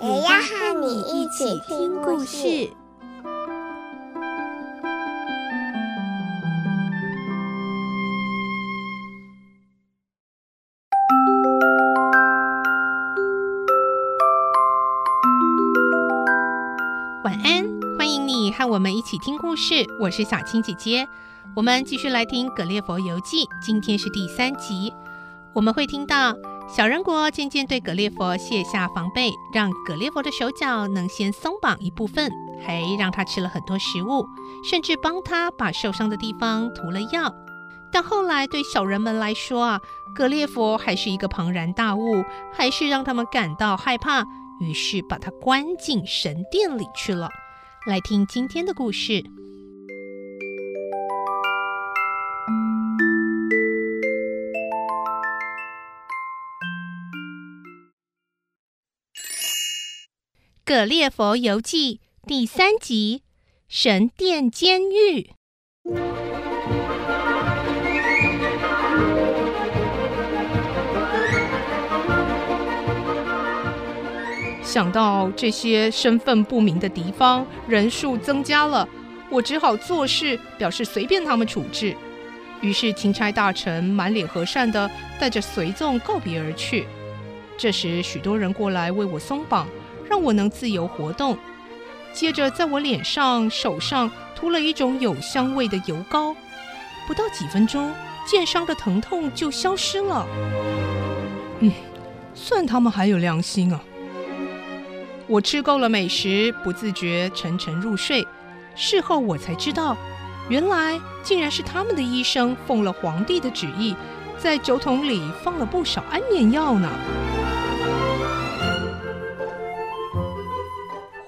我要和你一起聽故事。故事晚安，歡迎你和我們一起聽故事。我是小青姐姐，我們繼續來聽《格列佛遊記》，今天是第三集，我們會聽到。小人國漸漸對格列佛卸下防備，讓格列佛的手腳能先鬆綁一部分，還讓他吃了很多食物，甚至幫他把受傷的地方塗了藥。但後來對小人們來說啊，格列佛還是一個龐然大物，還是讓他們感到害怕，於是把他關進神殿裡去了。來聽今天的故事。《格列佛遊記》第三集：神殿監獄。想到這些身份不明的敵方人數增加了，我只好作勢，表示隨便他們處置。於是欽差大臣滿臉和善的帶着隨從告別而去。這時許多人過來為我鬆綁。讓我能自由活動。接着，在我臉上、手上塗了一種有香味的油膏，不到幾分鐘，箭傷的疼痛就消失了。嗯，算他們還有良心啊！我吃夠了美食，不自覺沉沉入睡。事後我才知道，原來竟然是他們的醫生奉了皇帝的旨意，在酒桶裡放了不少安眠藥呢。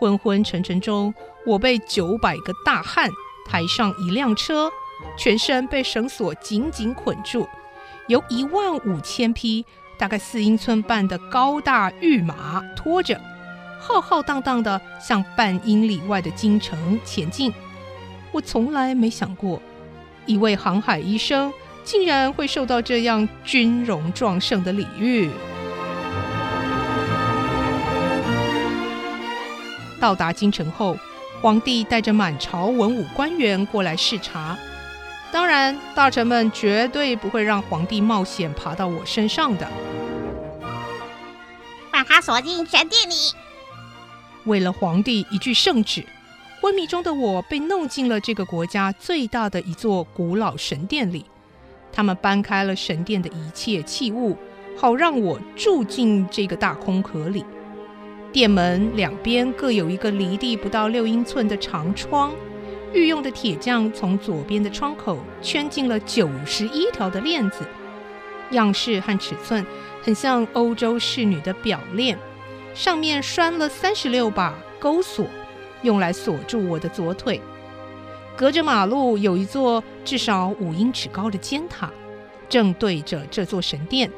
昏昏沉沉中，我被九百個大漢抬上一輛車，全身被繩索緊緊捆住，由一萬五千匹大概四英寸半的高大御馬拖着，浩浩蕩蕩地向半英里外的京城前進。我從來沒想過，一位航海醫生竟然會受到這樣軍容壯盛的禮遇。到達京城後，皇帝帶着滿朝文武官員過來視察。當然，大臣們絕對不會讓皇帝冒險爬到我身上的。把他鎖進神殿裡。為了皇帝一句聖旨，昏迷中的我被弄進了這個國家最大的一座古老神殿裡。他們搬開了神殿的一切器物，好讓我住進這個大空殼裡。殿門兩邊各有一個離地不到六英寸的長窗，御用的鐵匠從左邊的窗口圈進了九十一條的鏈子，樣式和尺寸很像歐洲侍女的表鏈，上面拴了三十六把鈎鎖，用來鎖住我的左腿。隔着馬路有一座至少五英尺高的尖塔，正對着這座神殿。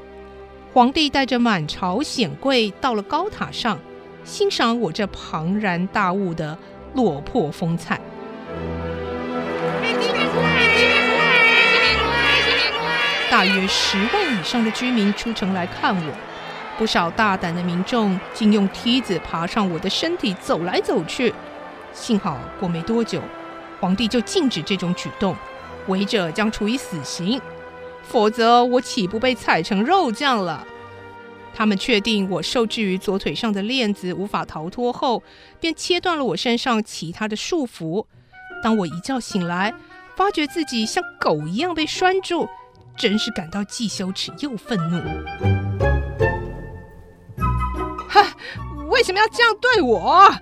皇帝帶着滿朝顯貴到了高塔上。欣賞我這龐然大物的落魄風采。大約十萬以上的居民出城來看我，不少大膽的民眾竟用梯子爬上我的身體走來走去。幸好過沒多久，皇帝就禁止這種舉動，違者將處以死刑，否則我豈不被踩成肉醬了？他們確定我受制於左腿上的鏈子無法逃脫後，便切斷了我身上其他的束縛。當我一覺醒來，發覺自己像狗一樣被拴住，真是感到既羞恥又憤怒。哈！啊！為什麼要這樣對我？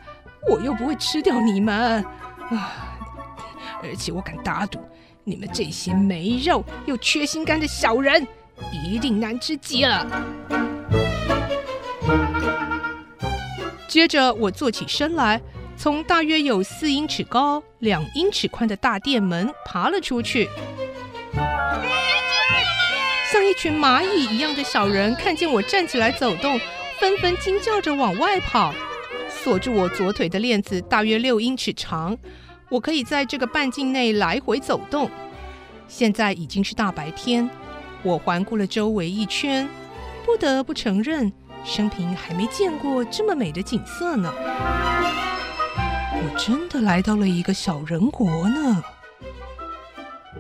我又不會吃掉你們。啊，而且我敢打賭，你們這些沒肉又缺心肝的小人，一定難吃極了。接着我坐起身來，從大約有四英尺高、兩英尺寬的大殿門爬了出去。像一群螞蟻一樣的小人看見我站起來走動，紛紛驚叫着往外跑。鎖住我左腿的鏈子大約六英尺長，我可以在這個半徑內來回走動。現在已經是大白天，我環顧了周圍一圈，不得不承認。.生平還沒見過這麼美的景色呢！我真的來到了一個小人國呢。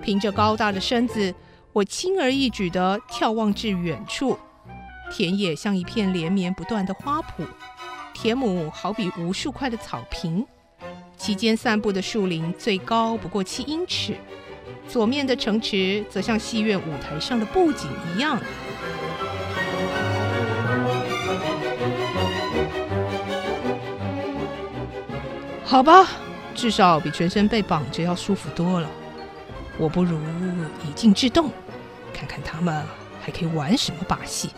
憑着高大的身子，我輕而易舉地眺，地眺望至遠處。田野像一片連綿不斷的花圃，田畝好比無數塊的草坪。其間散佈的樹林最高不過七英尺，左面的城池則像戲院舞台上的布景一樣。好吧，至少比全身被綁着要舒服多了。我不如以靜制動，看看他們還可以玩什麼把戲。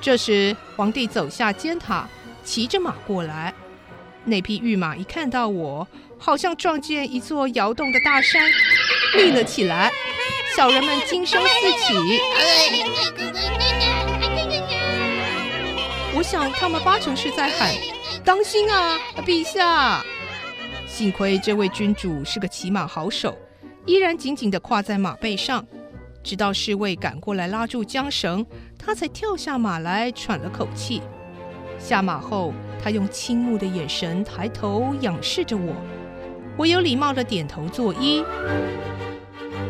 這時，皇帝走下尖塔，騎着馬過來。那匹御馬一看到我，好像撞見一座搖動的大山，立 了起來。小人們驚聲四起。哎我想他們八成是在喊“當心啊，陛下！”幸虧這位君主是個騎馬好手，依然緊緊的跨在馬背上，直到侍衛趕過來拉住韁繩，他才跳下馬來，喘了口氣。下馬後，他用傾慕的眼神抬頭仰視着我，我有禮貌的點頭作揖 ：“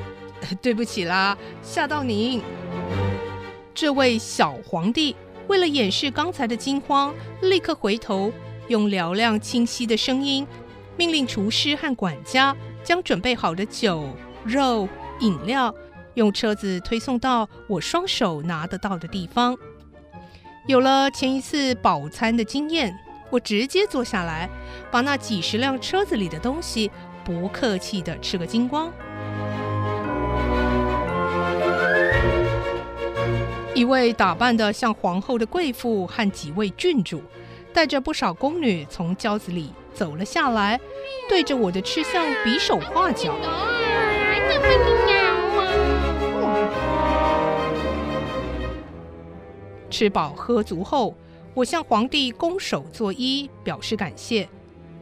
對不起啦，嚇到您。”這位小皇帝。為了掩飾剛才的驚慌，立刻回頭，用嘹亮清晰的聲音命令廚師和管家將準備好的酒、肉、飲料用車子推送到我雙手拿得到的地方。有了前一次飽餐的經驗，我直接坐下來，把那幾十輛車子裡的東西不客氣地吃個精光。一位打扮的像皇後的貴婦和幾位郡主，帶着不少宮女從轎子裡走了下來，對着我的吃相比手畫腳。 吃飽喝足後，我向皇帝拱手作揖，表示感謝。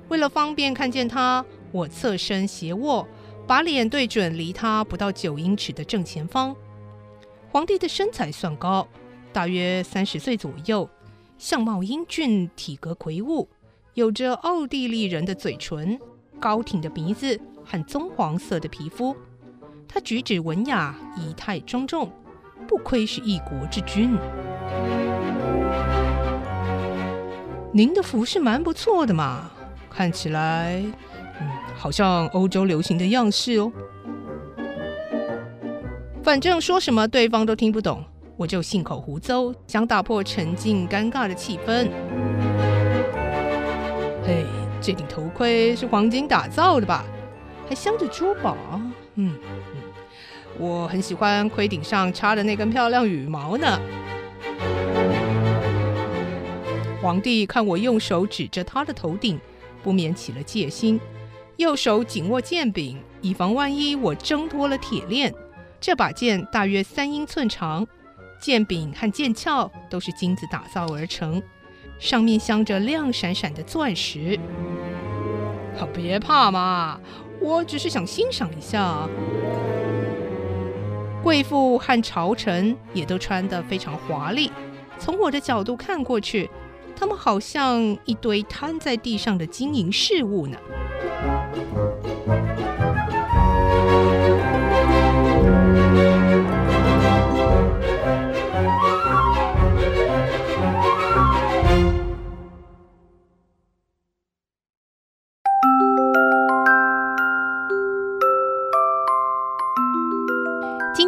為了方便看見他，我側身斜臥，把臉對準離他不到九英尺的正前方。皇帝的身材算高，大約三十歲左右，相貌英俊，體格魁梧，有着奧地利人的嘴唇、高挺的鼻子和棕黃色的皮膚。他舉止文雅，儀態莊重，不愧是一國之君。您的服飾蠻不錯的嘛，看起來，嗯，好像歐洲流行的樣式哦。反正說什麼對方都聽不懂，我就信口胡謅，想打破沉靜尷尬的氣氛。嘿、哎，這頂頭盔是黃金打造的吧？還鑲着珠寶。嗯嗯，我很喜歡盔頂上插的那根漂亮羽毛呢。皇帝看我用手指着他的頭頂，不免起了戒心，右手緊握劍柄，以防萬一我掙脫了鐵鏈。這把劍大約三英寸長，劍柄和劍鞘都是金子打造而成，上面鑲着亮閃閃的鑽石。別怕嘛，我只是想欣賞一下。貴婦和朝臣也都穿得非常華麗，從我的角度看過去，他們好像一堆攤在地上的金銀飾物呢。